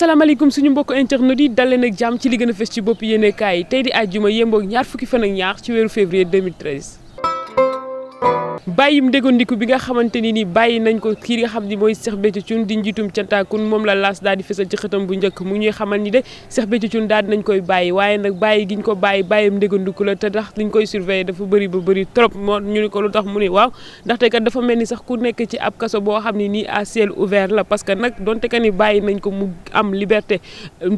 asalaamaaleykum suñu mbokk internet yi dal leen ak jàmm ci li gën a fës ci bopp yéenekaay yi tey di àjjuma yemboog ñaar fukki fan ak ñaar ci weeru février 2013 bayim degondiku bi nga xamanteni ni bayi nañ ko ki nga xamni moy Cheikh Béthio Thioune di njiitum kun mom la las dal di fesal ci xetam bu njëkk mu ñuy xamal ni de Cheikh Béthio Thioune dal nañ koy bayi waye nak bayi giñ ko bayi bayim degondiku la te tax liñ koy surveiller dafa bari bu bari trop moo ñu ni ko lu tax mu ne waaw te kat dafa melni sax ku nekk ci ab kasso bo xamni ni a ciel ouvert la parce que nag donte kan ni bayi nañ ko mu am liberté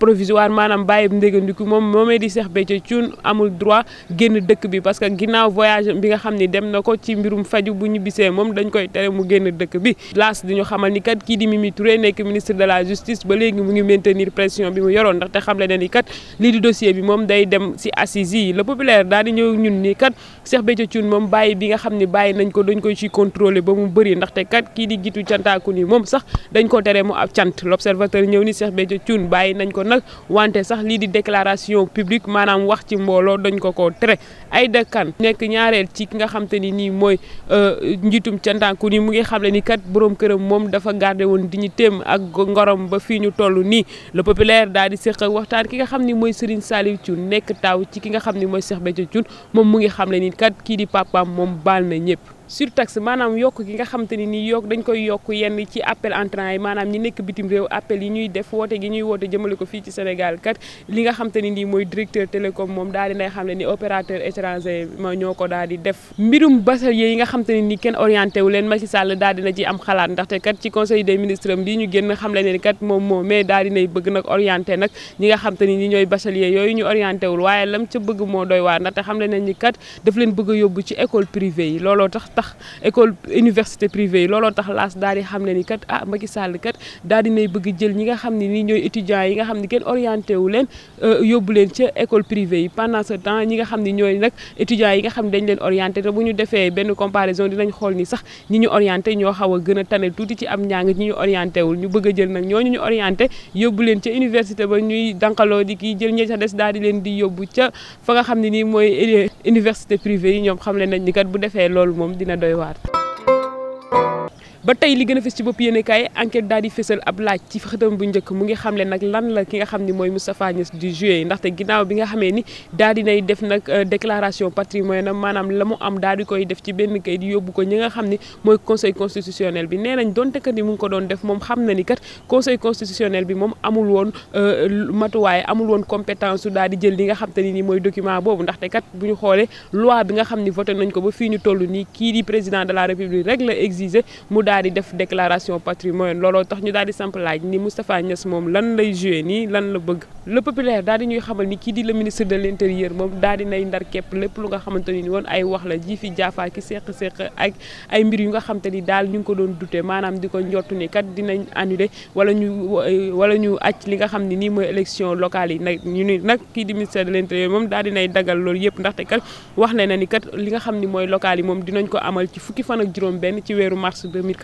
provisoire manam bayim degondiku mom momé di Cheikh amul droit genn dekk bi parce que ginnaaw voyage bi nga xamni dem nako ci mbirum dem faju bu ñu moom dañ koy tere mu génn dëkk bi laas di ñu xamal ni kat kii di Mimi Touré nekk ministre de la justice ba léegi mu ngi maintenir pression bi mu yoroon ndaxte xam le ne ni kat lii di dossier bi moom day dem si assises yi le populaire daal di ñëw ñun ni kat Cheikh Béthio Thioune moom bàyyi bi nga xam ni bàyyi nañ ko dañ koy ci contrôler ba mu bëri te kat kii di gitu cantaaku ni moom sax dañ ko tere mu ab cant l'observateur ñëw ni Cheikh Béthio Thioune bàyyi nañ ko nag wante sax lii di déclaration publique maanaam wax ci mbooloo dañ ko ko tere ay dëkkan nekk ñaareel ci ki nga xam te ni nii mooy Euh, njiitum cantanku ni mu ngi xamle ni kat borom këram moom dafa gardé woon di ñu téem ak ngorom ba fii ñu toll nii le populaire daal di séq ak waxtaan ki nga xam ni mooy Serigne Saliou Thioune nekk taaw ci ki nga xam ni mooy Cheikh Béthio Thioune moom mu ngi xamle ni kat kii di papaam moom baal na ñëpp surtaxe maanaam yokk gi nga xamante ni nii yokk dañ koy yokk yenn ci appel entrant yi maanaam ñi nekk bitim réew appel yi ñuy def woote gi ñuy woote jëmale ko fii ci Sénégal kat li nga xamante ni nii mooy directeur télécom moom daal di xam ne ni opérateur étranger ma ñoo ko daal di def mbirum bachelier yi nga xamante ni nii kenn orienté wu leen Macky Sall daal dina ci am xalaat ndaxte kat ci conseil des ministres am lii ñu génn xam le ne kat moom moo mais daal dinay bëgg nag orienté nag ñi nga xamante ni nii ñooy bachelier yooyu ñu orienté wul waaye lam ca bëgg moo doy waar ndaxte xam le ne ñi kat daf leen bëgg yóbbu ci école privée yi looloo tax tax école université privée yi tax las daal xamné ni kat ah Macky Sall kat daal né nay bëgg jël ñi nga xam ne nii ñooy yi nga xamné ne kenn orienté wu leen euh, yóbbu len ci école privée yi pendant ce temps ñi nga xam ne ñooy nag yi nga xamné dañ leen orienté te buñu défé defee comparaison dinañ xol ni sax ñi ñu orienté ño xawa gëna tané a tuuti ci am njàng ñi ñu orienté wu ñu bëgg a jël nag ñooñu ñu orienté yóbbu len ci université ba ñuy dankalo di ki jël ñi ca dess daal di leen di yobbu ca fa nga xamné ni moy euh, université privée yi ñom xam leen nañ ni kat bu defee loolu moom dina doy waar. ba tey li gën a fës ci bopp yéenekaay enquet daal di fësal ab laaj ci xëtam bu njëkk mu ngi xamle nag lan la ki nga xam ni mooy Moustapha Niass di joué ndaxte ginnaaw bi nga xamee ni daal di nay def nag euh, déclaration patrimoine maanaam la mu am daal di koy def ci benn kayit yóbbu ko ñi nga xam ni mooy conseil constitutionnel bi nee nañ donte ni mu ngi ko doon def moom xam na ni kat conseil constitutionnel bi moom amul woon euh, matuwaay amul woon compétence su di jël li nga xam te ni mooy document boobu ndaxte kat bu ñu xoolee loi bi nga xam ni voté nañ ko ba fii ñu toll nii kii di président de la république rek la exiger mu daal di def déclaration patrimoine looloo tax ñu daal di laaj ni Moustapha Niass moom lan lay joué nii lan la bëgg le populaire daal ñuy xamal ni kii di le ministre de l' moom daal nay yu nga xamante ni daal ñu ngi ko doon dute maanaam di ko li nga xam ne ni l' intérieur moom daal di dagal loolu yëpp ndaxte kat wax na na ni kat li nga xam ne mooy locale yi moom dinañ ko amal ci fukki fan ak juróom benn ci weeru mars 2014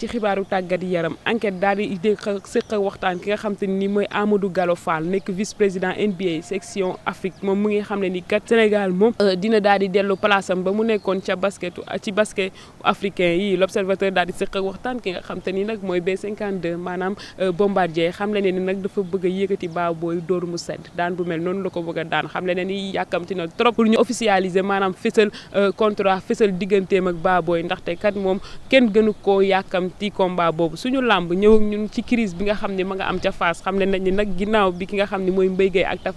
ci xibaaru tàggat yaram enquête daal di dégg séq ak waxtaan ki nga xam te ni mooy Amadou Gallo Fall nekk vice président NBA section Afrique moom mu ngi xam ne ni kat Sénégal moom euh, dina daal di dellu place am ba mu nekkoon ca basket ci basket africain yi l'observateur daal di séq ak waxtaan ki nga xam te ni nag mooy be cinquante 52 maanaam euh, bombardier xam le ne ni nag dafa bëgg a yëkkati baa booy dóor mu sedd daan bu mel noonu la ko bëgg a daan xam le na trop pour ñu officialiser maanaam fësal euh, contrat fësal digganteem ak baa booy ndaxte kat moom kenn gënu koo anti combat boobu suñu làmb ne ma nga am ca Fass ne mooy Mbaye Gueye ak euh,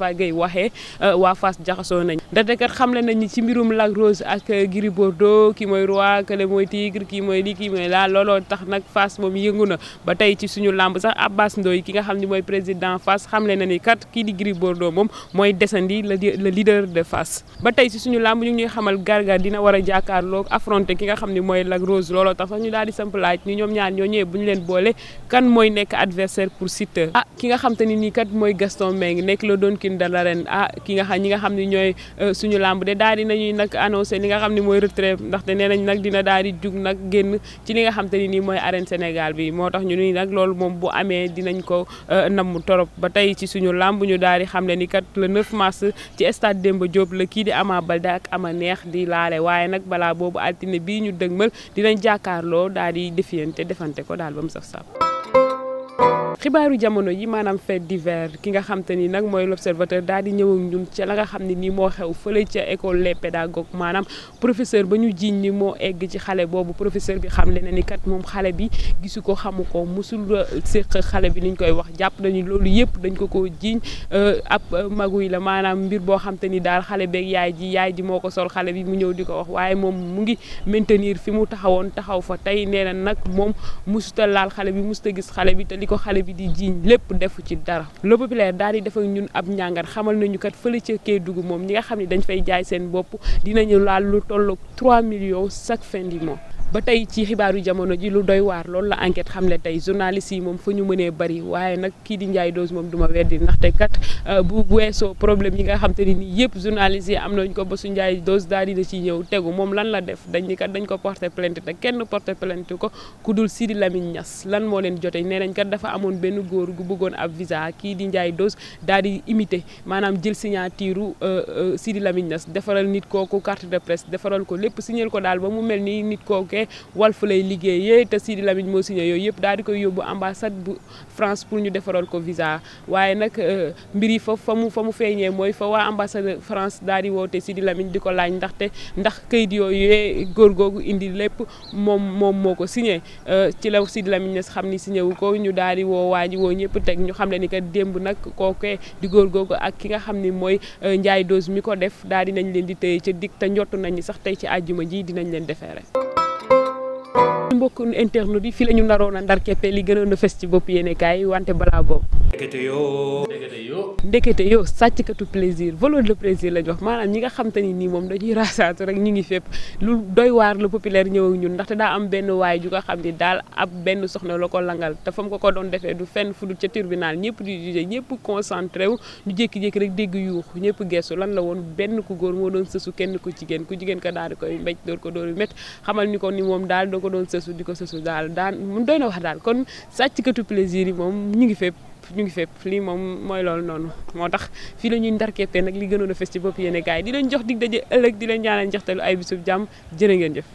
nañ ndaxte xam le nañ ci mbirum Lac Rose ak euh, Gris Bordeaux kii mooy roi kële mooy tigre kii mooy lii kii mooy laa looloo tax nag Fass moom yëngu na ba tey ci suñu làmb sax Abbas Ndoye ki nga xam ne mooy président Fass xam le na ni kat kii di Gris Bordeaux moom mooy desandi le leader de Fass ba tey suñu làmb ñu ñuy xamal gargar dina war a jàkkaarloo affronté ki nga xam ne mooy Lac Rose looloo tax sax ñu daal di samp laaj ñoom ñaar ñoo ñëwee bu ñu leen boole kan mooy nekk adversaire pour Siteu ah ki nga xam te ni nii kat mooy Gaston Mbengue nekk la doon kin dala ren ah ki nga xam ñi nga xam ne ñooy euh, suñu làmb de daal di nañuy nag annoncé li nga xam ne mooy retrait ndaxte nee nañ nag dina daal di jug nag génn ci li nga xam te ni nii mooy arène Sénégal bi moo tax ñu ni nag loolu moom bu amee dinañ ko euh, namm torop ba tey ci suñu làmb ñu daal di xam ne ni kat le 9 mars ci stade Demba Diop la kii di Ama Baldé ak Ama Neex di laale waaye nag balaa boobu altine bii ñu dëgmal dinañ jàkkaarloo daal di defiyeen te defante ko daal ba mu saf xibaaru jamono yi maanaam fait divers ki nga xam ni nag mooy l'observateur daal di ñëw ak ñun ca la nga xam ne nii moo xew fële ca école les pédagogues maanaam professeur ba ñu jiiñ ni moo egg ci xale boobu professeur bi xam leen ni kat moom xale bi gisu ko xamu ko musul euh, séq xale bi niñ koy wax jàpp nañu loolu yëpp dañ ko ko jiiñ euh, ab maguy la maanaam mbir boo xam te ni daal xale beeg yaay ji yaay ji moo ko sol xale bi mu ñëw di ko wax waaye moom mu ngi maintenir fi mu taxawoon taxaw fa tey nee na nag moom musuta laal xale bi musuta gis xale bi te li ko xale bi di jiiñ lépp defu ci dara le populaire daal di def ñun ab njàngat xamal nañu kat fële ca Kédougou moom ñi nga xam ne dañu fay jaay seen bopp dinañu laal lu tolloog 3 millions chaque fin du ba tey ci xibaaru jamono ji lu doy waar loolu la enquête xam ne tey journaliste yi moom fa ñu mënee bari waaye nag kii di Ndiaye Dose moom du ma weddi ndaxte kat euh, bu weesoo problème yi nga xam te ni nii yëpp journaliste yi am nañ ko ba su Ndiaye Dose daal di na ci ñëw moom lan la def dañ ni kat dañ ko porté plainte te kenn porté plainte ko ku dul Sidi Lamine Niass lan moo leen jotee nee nañ kat dafa amoon benn góor gu bëggoon ab visa kii di njaay Dose daal di imité maanaam jël signature euh, euh, Sidi Lamine Niass defaral nit kooku carte de presse defaral ko lépp signal ko daal ba mu mel ni nit kooku liggéeyee Walf lay liggéeyee te Sidi Lamine moo signé yooyu yëpp daal di koy yóbbu ambassade bu France pour ñu defaral ko visa waaye nag euh, mbir yi fa fa mu fa mu feeñee mooy fa waa ambassade France daal di woote Sidi Lamine di ko laaj ndaxte ndax kayit yooyu góor googu indi lépp moom moom moo ko signé euh, ci la Sidi Lamine xam ni signé wu ko ñu daal di woo waa ji ñëpp teg ñu xam ne ni que démb nag kookee di góor googu ak ki nga xam ni mooy euh, njaay Dose mi ko def daal di nañ leen di téye ca dig te njottu nañ sax tey ci àjjuma ji dinañ leen defeere mbokk internet yi fii la ñu naroon a ndar keppe li gënoon a fes ci bopp yéene kaay wante balaa boobu. ndekete yoo. ndekete yoo. ndekete yoo sàcckatu plaisir voleur de plaisir lañ wax maanaam ñi nga xam te ni nii moom dañuy rasaatu rek ñu ngi fépp lu doy waar la populaire ñëw ak ñun ndaxte daa am benn waay ju nga xam ni daal ab benn soxna la ko langal te fam ko ko doon defee du fenn fu dul ca ñëpp di ñëpp concentré wu ñu jékki-jékki rek dégg ñëpp geesu lan la woon benn ku góor moo doon sësu kenn ku jigéen ku jigéen ko daal di koy mbéj ko door yu xamal ni ko ni moom daal doo ko doon sësu di ko sësu daal daan mu doy na wax daal kon sàcckatu plaisir yi moom ñu ngi fépp ñu ngi fépp lii moom mooy loolu noonu moo tax fii la ñuy ndarkeppee nag li gënoon a fes ci bopp yéene gars yi di leen jox dig daje ëllëg di leen ñaanal njaxtalu ay bisub jàmm jërë ngeen jëf